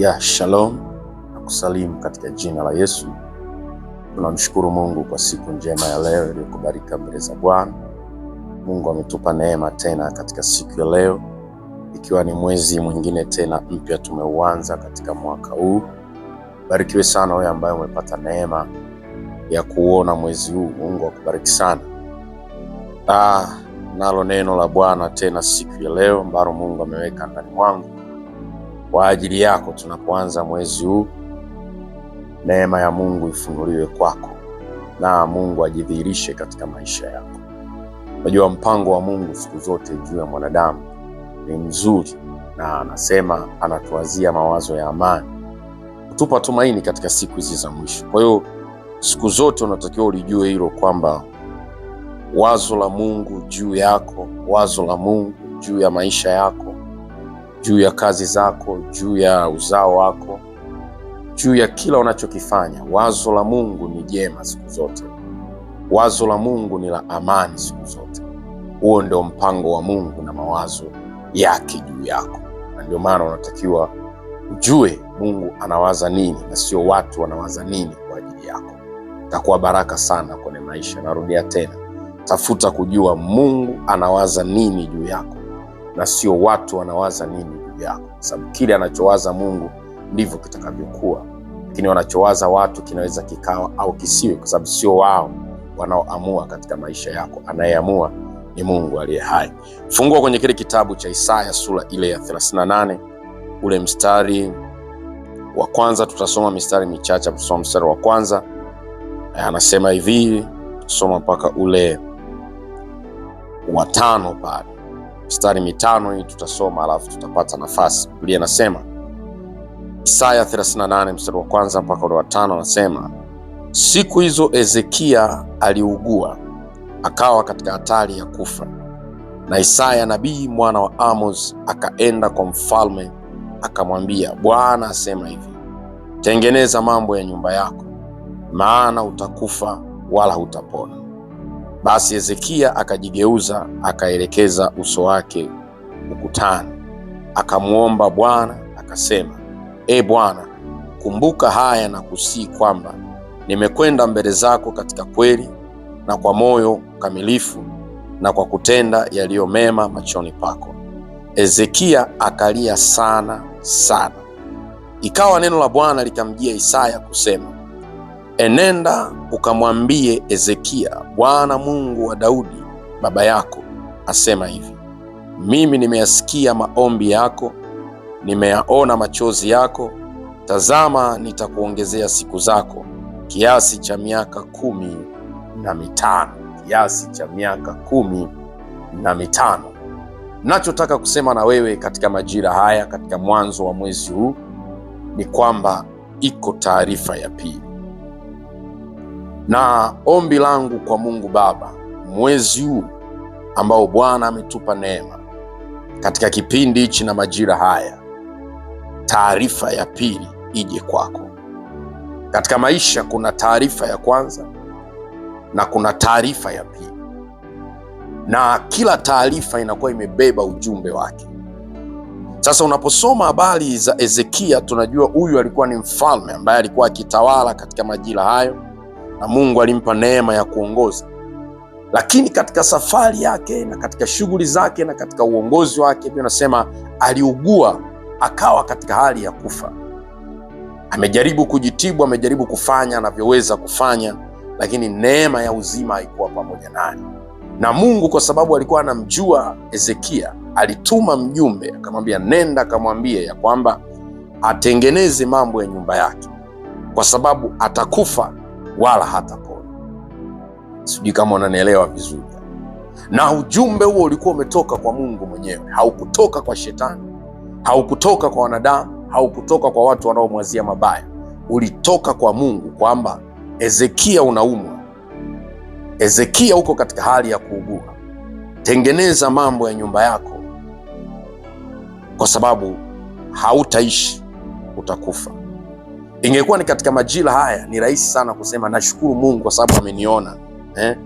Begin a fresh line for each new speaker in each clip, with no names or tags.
Ya shalom na kusalimu katika jina la Yesu. Tunamshukuru Mungu kwa siku njema ya leo iliyokubarika mbele za Bwana. Mungu ametupa neema tena katika siku ya leo, ikiwa ni mwezi mwingine tena mpya tumeuanza katika mwaka huu. Barikiwe sana wewe ambaye umepata neema ya kuona mwezi huu. Mungu akubariki sana. Ah, nalo neno la Bwana tena siku ya leo ambalo Mungu ameweka ndani mwangu kwa ajili yako tunapoanza mwezi huu. Neema ya Mungu ifunuliwe kwako na Mungu ajidhihirishe katika maisha yako. Unajua, mpango wa Mungu siku zote juu ya mwanadamu ni mzuri, na anasema anatuwazia mawazo ya amani, kutupa tumaini katika siku hizi za mwisho. Kwa hiyo siku zote unatakiwa ulijue hilo kwamba wazo la Mungu juu yako, wazo la Mungu juu ya maisha yako juu ya kazi zako, juu ya uzao wako, juu ya kila unachokifanya. Wazo la Mungu ni jema siku zote, wazo la Mungu ni la amani siku zote. Huo ndio mpango wa Mungu na mawazo yake juu yako, na ndio maana unatakiwa ujue Mungu anawaza nini na sio watu wanawaza nini kwa ajili yako. Itakuwa baraka sana kwenye maisha. Narudia tena, tafuta kujua Mungu anawaza nini juu yako na sio watu wanawaza nini juu yako, kwa sababu kile anachowaza Mungu ndivyo kitakavyokuwa, lakini wanachowaza watu kinaweza kikawa au kisiwe, kwa sababu sio wao wanaoamua katika maisha yako. Anayeamua ni Mungu aliye hai. Fungua kwenye kile kitabu cha Isaya sura ile ya 38 ule mstari wa kwanza. Tutasoma mistari michache, tusoma mstari wa kwanza anasema hivi, soma mpaka ule wa tano pale mstari mitano hii tutasoma, alafu tutapata nafasi. Biblia inasema Isaya 38 mstari wa kwanza mpaka ule wa tano, anasema siku hizo Ezekia aliugua akawa katika hatari ya kufa, na Isaya nabii mwana wa Amos akaenda kwa mfalme akamwambia, Bwana asema hivi, tengeneza mambo ya nyumba yako, maana utakufa wala hutapona. Basi Hezekia akajigeuza akaelekeza uso wake ukutani, akamwomba Bwana akasema, E Bwana, kumbuka haya na kusii kwamba nimekwenda mbele zako katika kweli na kwa moyo kamilifu na kwa kutenda yaliyo mema machoni pako. Hezekia akalia sana sana. Ikawa neno la Bwana likamjia Isaya kusema Enenda ukamwambie ezekia Bwana Mungu wa Daudi baba yako asema hivi, mimi nimeyasikia maombi yako, nimeyaona machozi yako. Tazama, nitakuongezea siku zako kiasi cha miaka kumi na mitano, kiasi cha miaka kumi na mitano. Nachotaka kusema na wewe katika majira haya, katika mwanzo wa mwezi huu ni kwamba iko taarifa ya pili na ombi langu kwa Mungu Baba, mwezi huu ambao Bwana ametupa neema katika kipindi hichi na majira haya, taarifa ya pili ije kwako. Katika maisha kuna taarifa ya kwanza na kuna taarifa ya pili, na kila taarifa inakuwa imebeba ujumbe wake. Sasa unaposoma habari za Hezekia, tunajua huyu alikuwa ni mfalme ambaye alikuwa akitawala katika majira hayo na Mungu alimpa neema ya kuongoza, lakini katika safari yake na katika shughuli zake na katika uongozi wake, Biblia inasema aliugua, akawa katika hali ya kufa. Amejaribu kujitibu, amejaribu kufanya anavyoweza kufanya, lakini neema ya uzima haikuwa pamoja naye. Na Mungu kwa sababu alikuwa anamjua Hezekia, alituma mjumbe akamwambia, nenda akamwambie ya kwamba atengeneze mambo ya nyumba yake, kwa sababu atakufa wala hata pole Sijui kama unanielewa vizuri. Na ujumbe huo ulikuwa umetoka kwa Mungu mwenyewe, haukutoka kwa shetani, haukutoka kwa wanadamu, haukutoka kwa watu wanaomwazia mabaya, ulitoka kwa Mungu kwamba Hezekia unaumwa, Hezekia uko katika hali ya kuugua, tengeneza mambo ya nyumba yako, kwa sababu hautaishi, utakufa. Ingekuwa ni katika majira haya, ni rahisi sana kusema nashukuru Mungu kwa sababu ameniona eh,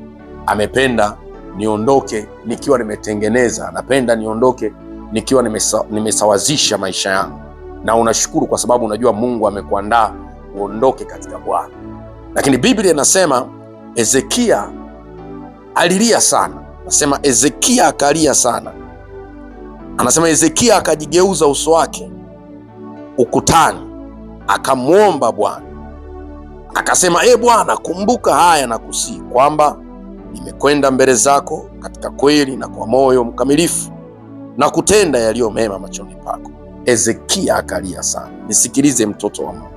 amependa niondoke nikiwa nimetengeneza, anapenda niondoke nikiwa nimesa, nimesawazisha maisha yangu, na unashukuru kwa sababu unajua Mungu amekuandaa uondoke katika Bwana. Lakini Biblia inasema Hezekia alilia sana, nasema Hezekia akalia sana, anasema Hezekia akajigeuza uso wake ukutani akamwomba Bwana akasema, e Bwana, kumbuka haya na kusii kwamba nimekwenda mbele zako katika kweli na kwa moyo mkamilifu na kutenda yaliyo mema machoni pako. Hezekia akalia sana. Nisikilize mtoto wa Mungu,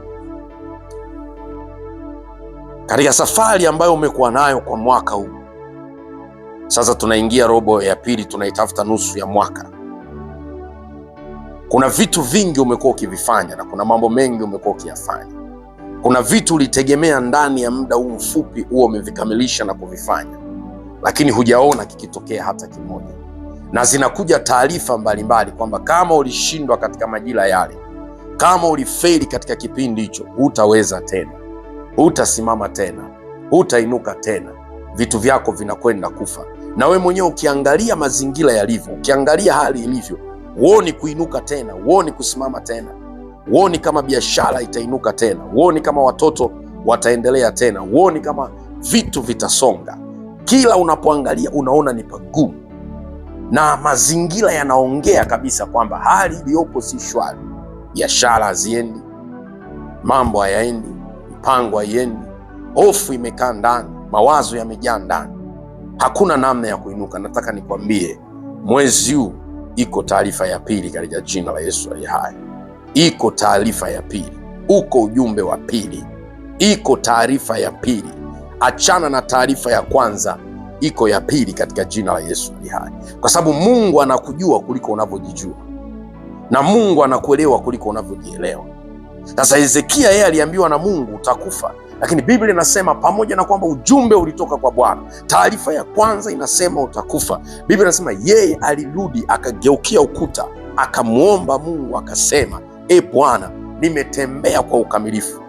katika safari ambayo umekuwa nayo kwa mwaka huu sasa, tunaingia robo ya pili, tunaitafuta nusu ya mwaka kuna vitu vingi umekuwa ukivifanya na kuna mambo mengi umekuwa ukiyafanya. Kuna vitu ulitegemea ndani ya muda huu mfupi huo umevikamilisha na kuvifanya, lakini hujaona kikitokea hata kimoja, na zinakuja taarifa mbalimbali kwamba kama ulishindwa katika majira yale, kama ulifeli katika kipindi hicho, hutaweza tena, hutasimama tena, hutainuka tena, vitu vyako vinakwenda kufa. Na we mwenyewe ukiangalia mazingira yalivyo, ukiangalia hali ilivyo uoni kuinuka tena, uoni kusimama tena, uoni kama biashara itainuka tena, uoni kama watoto wataendelea tena, uoni kama vitu vitasonga. Kila unapoangalia unaona ni pagumu, na mazingira yanaongea kabisa kwamba hali iliyopo si shwari. Biashara haziendi, mambo hayaendi, mpango haiendi, hofu imekaa ndani, mawazo yamejaa ndani, hakuna namna ya kuinuka. Nataka nikwambie mwezi huu Iko taarifa ya pili katika jina la Yesu aliye hai, iko taarifa ya pili, uko ujumbe wa pili, iko taarifa ya pili. Achana na taarifa ya kwanza, iko ya pili katika jina la Yesu aliye hai, kwa sababu Mungu anakujua kuliko unavyojijua na Mungu anakuelewa kuliko unavyojielewa. Sasa Hezekia yeye aliambiwa na Mungu utakufa lakini Biblia inasema pamoja na kwamba ujumbe ulitoka kwa Bwana, taarifa ya kwanza inasema utakufa. Biblia inasema yeye alirudi akageukia ukuta akamwomba Mungu akasema, e Bwana, nimetembea kwa ukamilifu,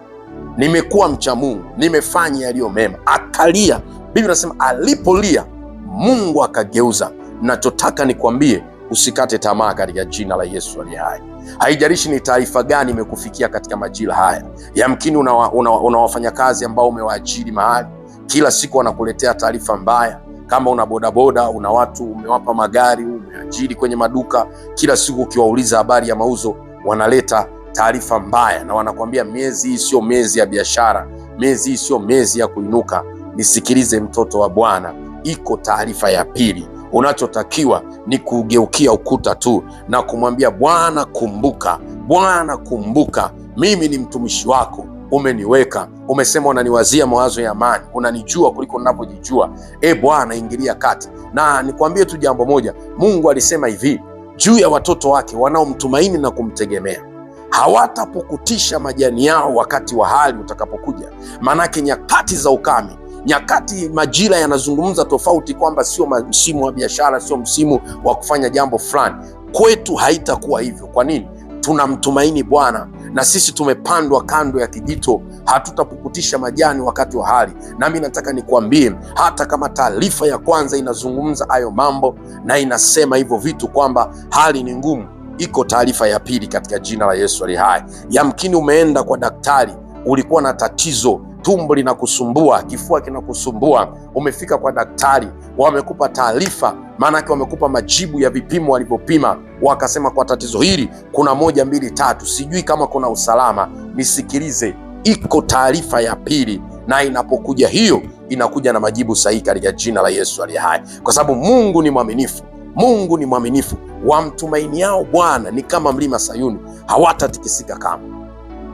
nimekuwa mcha Mungu, nimefanya yaliyo mema. Akalia. Biblia inasema alipolia Mungu akageuza. Nachotaka nikwambie Usikate tamaa katika jina la Yesu aliye hai. Haijalishi ni taarifa gani imekufikia katika majira haya. Yamkini una, una, una wafanyakazi ambao umewaajiri mahali, kila siku wanakuletea taarifa mbaya. Kama una bodaboda, una watu umewapa magari, umeajiri kwenye maduka, kila siku ukiwauliza habari ya mauzo wanaleta taarifa mbaya, na wanakuambia miezi hii sio miezi ya biashara, miezi hii sio miezi ya kuinuka. Nisikilize mtoto wa Bwana, iko taarifa ya pili Unachotakiwa ni kugeukia ukuta tu na kumwambia Bwana, kumbuka, Bwana kumbuka, mimi ni mtumishi wako umeniweka umesema, unaniwazia mawazo ya amani, unanijua kuliko ninavyojijua. E Bwana, ingilia kati. Na nikwambie tu jambo moja, Mungu alisema hivi juu ya watoto wake wanaomtumaini na kumtegemea, hawatapukutisha majani yao wakati wa hali utakapokuja, maanake nyakati za ukame Nyakati, majira yanazungumza tofauti, kwamba sio msimu wa biashara, sio msimu wa kufanya jambo fulani. Kwetu haitakuwa hivyo. Kwa nini? Tunamtumaini Bwana na sisi tumepandwa kando ya kijito, hatutapukutisha majani wakati wa hali. Nami nataka nikuambie, hata kama taarifa ya kwanza inazungumza hayo mambo na inasema hivyo vitu kwamba hali ni ngumu, iko taarifa ya pili katika jina la Yesu ali hai. Yamkini umeenda kwa daktari, ulikuwa na tatizo tumbo linakusumbua, kifua kinakusumbua, umefika kwa daktari, wamekupa taarifa, maanake wamekupa majibu ya vipimo walivyopima, wakasema kwa tatizo hili kuna moja, mbili, tatu, sijui kama kuna usalama. Nisikilize, iko taarifa ya pili, na inapokuja hiyo inakuja na majibu sahihi katika jina la Yesu aliye hai, kwa sababu Mungu ni mwaminifu. Mungu ni mwaminifu, wamtumainiao Bwana ni kama mlima Sayuni, hawatatikisika kama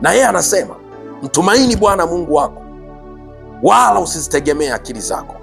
Na yeye anasema Mtumaini Bwana Mungu wako, wala usizitegemee akili zako.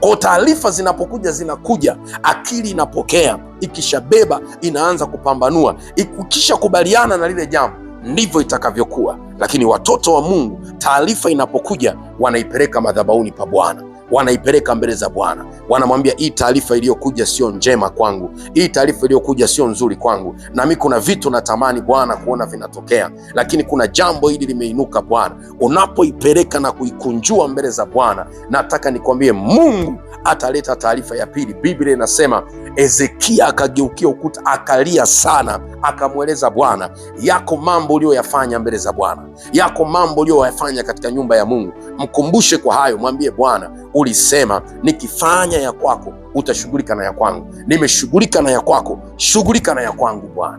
Kwa taarifa zinapokuja, zinakuja, akili inapokea, ikishabeba inaanza kupambanua, ikishakubaliana na lile jambo, ndivyo itakavyokuwa. Lakini watoto wa Mungu, taarifa inapokuja, wanaipeleka madhabahuni pa Bwana wanaipeleka mbele za Bwana, wanamwambia hii taarifa iliyokuja sio njema kwangu, hii taarifa iliyokuja sio nzuri kwangu, na mimi kuna vitu natamani Bwana kuona vinatokea, lakini kuna jambo hili limeinuka. Bwana, unapoipeleka na kuikunjua mbele za Bwana, nataka nikwambie, Mungu ataleta taarifa ya pili. Biblia inasema Hezekia akageukia ukuta akalia sana, akamweleza Bwana, yako mambo uliyoyafanya mbele za Bwana, yako mambo uliyoyafanya katika nyumba ya Mungu. Mkumbushe kwa hayo, mwambie Bwana ulisema nikifanya ya kwako utashughulika na ya kwangu. Nimeshughulika na ya kwako, shughulika na ya kwangu Bwana,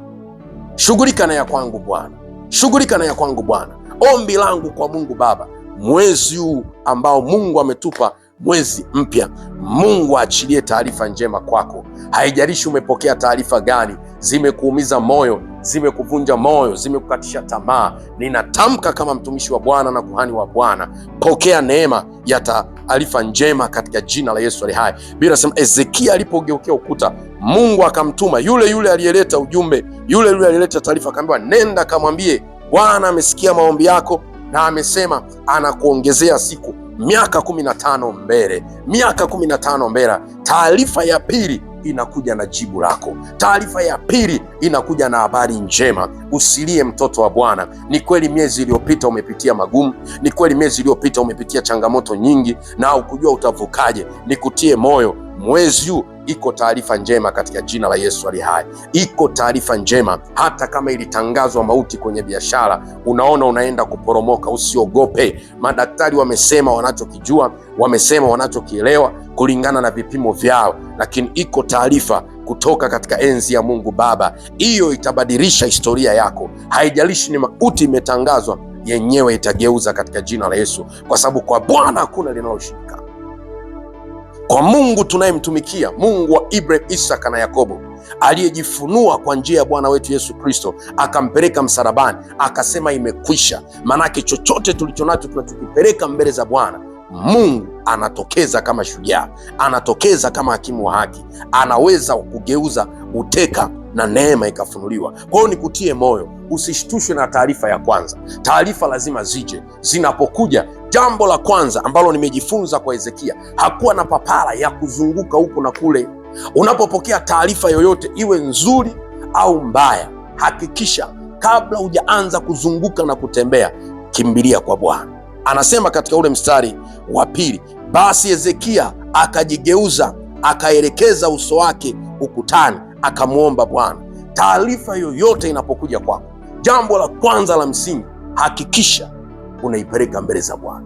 shughulika na ya kwangu Bwana, shughulika na ya kwangu Bwana. Ombi langu kwa Mungu Baba, mwezi huu ambao Mungu ametupa mwezi mpya. Mungu aachilie taarifa njema kwako. Haijalishi umepokea taarifa gani, zimekuumiza moyo, zimekuvunja moyo, zimekukatisha tamaa, ninatamka kama mtumishi wa Bwana na kuhani wa Bwana, pokea neema ya taarifa njema katika jina la Yesu ali hai. Biblia inasema Ezekia alipogeukea ukuta, Mungu akamtuma yule yule aliyeleta ujumbe, yule yule aliyeleta taarifa, akaambiwa, nenda kamwambie Bwana amesikia maombi yako na amesema anakuongezea siku miaka kumi na tano mbele, miaka kumi na tano mbele. Taarifa ya pili inakuja na jibu lako. Taarifa ya pili inakuja na habari njema. Usilie mtoto wa Bwana. Ni kweli miezi iliyopita umepitia magumu, ni kweli miezi iliyopita umepitia changamoto nyingi na ukujua utavukaje. Nikutie moyo, mwezi huu iko taarifa njema katika jina la Yesu ali hai, iko taarifa njema. Hata kama ilitangazwa mauti kwenye biashara, unaona unaenda kuporomoka, usiogope. Madaktari wamesema wanachokijua, wamesema wanachokielewa kulingana na vipimo vyao, lakini iko taarifa kutoka katika enzi ya Mungu Baba. Hiyo itabadilisha historia yako, haijalishi ni mauti imetangazwa, yenyewe itageuza katika jina la Yesu, kwa sababu kwa Bwana hakuna linaloshindikana kwa Mungu tunayemtumikia, Mungu wa Ibrahim, Isaka na Yakobo, aliyejifunua kwa njia ya Bwana wetu Yesu Kristo, akampeleka msalabani, akasema imekwisha. Maanake chochote tulicho nacho tunachokipeleka mbele za Bwana Mungu anatokeza kama shujaa, anatokeza kama hakimu wa haki, anaweza kugeuza uteka na neema ikafunuliwa. Kwa hiyo nikutie moyo, usishtushwe na taarifa ya kwanza. Taarifa lazima zije, zinapokuja Jambo la kwanza ambalo nimejifunza kwa Hezekia, hakuwa na papara ya kuzunguka huku na kule. Unapopokea taarifa yoyote, iwe nzuri au mbaya, hakikisha kabla hujaanza kuzunguka na kutembea, kimbilia kwa Bwana. Anasema katika ule mstari wa pili, basi Hezekia akajigeuza, akaelekeza uso wake ukutani, akamwomba Bwana. Taarifa yoyote inapokuja kwako, jambo la kwanza la msingi, hakikisha unaipeleka mbele za Bwana.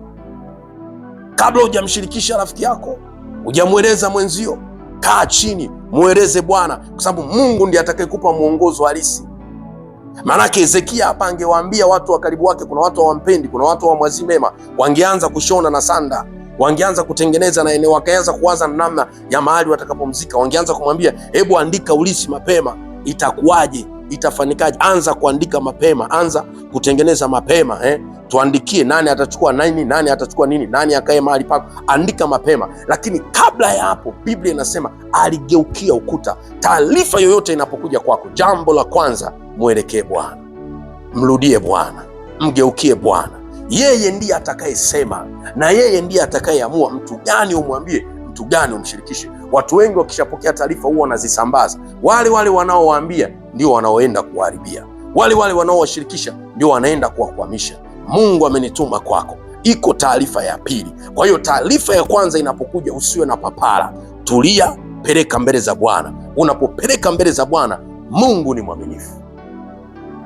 Kabla hujamshirikisha rafiki yako, hujamweleza mwenzio, kaa chini, mweleze Bwana, kwa sababu Mungu ndiye atakayekupa mwongozo halisi. Maanake Hezekia hapa angewaambia watu wa karibu wake, kuna watu hawampendi, kuna watu hawamwazii mema, wangeanza kushona na sanda wangeanza kutengeneza na eneo, wakaanza kuwaza namna ya mahali watakapomzika. Wangeanza kumwambia hebu andika ulisi mapema, itakuwaje? itafanikaje? Anza kuandika mapema, anza kutengeneza mapema eh? Tuandikie nani atachukua nini, nani atachukua nini, nani akae mahali pako, andika mapema. Lakini kabla ya hapo, Biblia inasema aligeukia ukuta. Taarifa yoyote inapokuja kwako, jambo la kwanza mwelekee Bwana, mrudie Bwana, mgeukie Bwana. Yeye ndiye atakayesema na yeye ndiye atakayeamua mtu gani umwambie mtu gani umshirikishe. Watu wengi wakishapokea taarifa huwa wanazisambaza. Wale wale wanaowaambia ndio wanaoenda kuwaharibia, wale wale wanaowashirikisha ndio wanaenda kuwakwamisha. Mungu amenituma kwako. Iko taarifa ya pili. Kwa hiyo taarifa ya kwanza inapokuja, usiwe na papara, tulia, peleka mbele za Bwana. Unapopeleka mbele za Bwana, Mungu ni mwaminifu,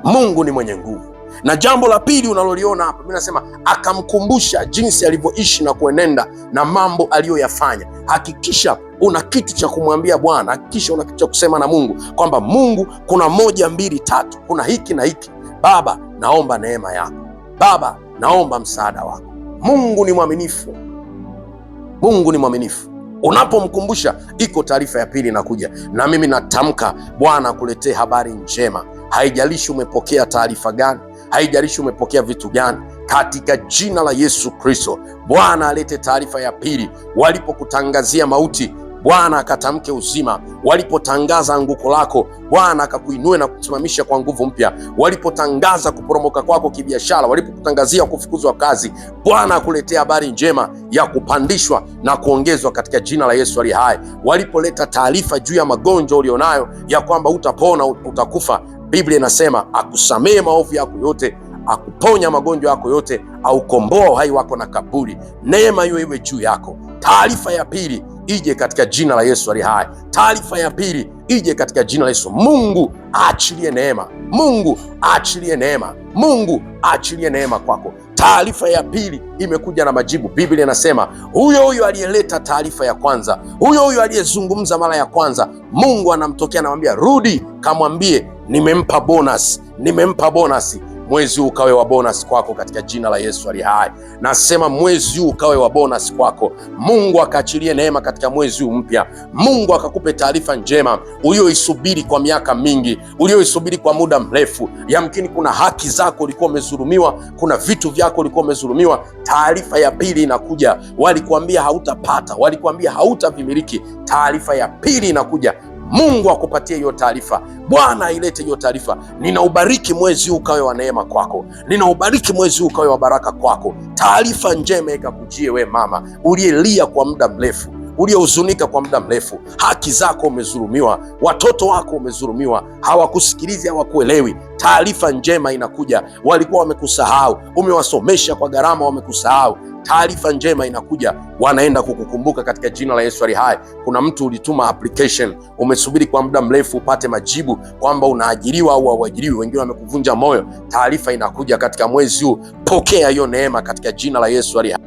Mungu ni mwenye nguvu. Na jambo la pili unaloliona hapa, mimi nasema akamkumbusha jinsi alivyoishi na kuenenda na mambo aliyoyafanya. Hakikisha una kitu cha kumwambia Bwana, hakikisha una kitu cha kusema na Mungu kwamba Mungu, kuna moja mbili tatu, kuna hiki na hiki. Baba, naomba neema yako. Baba, naomba msaada wako. Mungu ni mwaminifu, Mungu ni mwaminifu. Unapomkumbusha, iko taarifa ya pili inakuja. Na mimi natamka Bwana akuletee habari njema, haijalishi umepokea taarifa gani, haijalishi umepokea vitu gani, katika jina la Yesu Kristo. Bwana alete taarifa ya pili, walipokutangazia mauti Bwana akatamke uzima. Walipotangaza anguko lako, Bwana akakuinue na kusimamisha kwa nguvu mpya. Walipotangaza kuporomoka kwako kibiashara, walipokutangazia kufukuzwa kazi, Bwana akuletea habari njema ya kupandishwa na kuongezwa katika jina la Yesu aliye hai. Walipoleta taarifa juu ya magonjwa ulionayo ya kwamba utapona, utakufa Biblia inasema akusamehe maovu yako yote, akuponya magonjwa yako yote, aukomboa uhai wako na kaburi. Neema hiyo iwe juu yako. Taarifa ya pili ije katika jina la Yesu ali hai. Taarifa ya pili ije katika jina la Yesu. Mungu aachilie neema, Mungu aachilie neema, Mungu aachilie neema kwako. Taarifa ya pili imekuja na majibu. Biblia inasema huyo huyo aliyeleta taarifa ya kwanza, huyo huyo aliyezungumza mara ya kwanza, Mungu anamtokea anamwambia, rudi kamwambie nimempa bonus, nimempa bonus. Mwezi huu ukawe wa bonus kwako katika jina la Yesu ali hai. Nasema mwezi huu ukawe wa bonus kwako. Mungu akaachilie neema katika mwezi huu mpya. Mungu akakupe taarifa njema uliyoisubiri kwa miaka mingi, uliyoisubiri kwa muda mrefu. Yamkini kuna haki zako ulikuwa umezulumiwa, kuna vitu vyako ulikuwa umezulumiwa. Taarifa ya pili inakuja. Walikuambia hautapata, walikuambia hautavimiliki. Taarifa ya pili inakuja. Mungu akupatie hiyo taarifa, Bwana ailete hiyo taarifa. Ninaubariki mwezi huu ukawe wa neema kwako, ninaubariki mwezi huu ukawe wa baraka kwako. Taarifa njema ikakujie we mama uliyelia kwa muda mrefu uliohuzunika kwa muda mrefu. Haki zako umezulumiwa, watoto wako umezulumiwa, hawakusikilizi, hawakuelewi. Taarifa njema inakuja. Walikuwa wamekusahau, umewasomesha kwa gharama, wamekusahau taarifa njema inakuja, wanaenda kukukumbuka katika jina la Yesu ali hai. Kuna mtu ulituma application, umesubiri kwa muda mrefu upate majibu kwamba unaajiriwa au hauajiriwi, wengine wamekuvunja moyo. Taarifa inakuja katika mwezi huu, pokea hiyo neema katika jina la Yesu ali hai.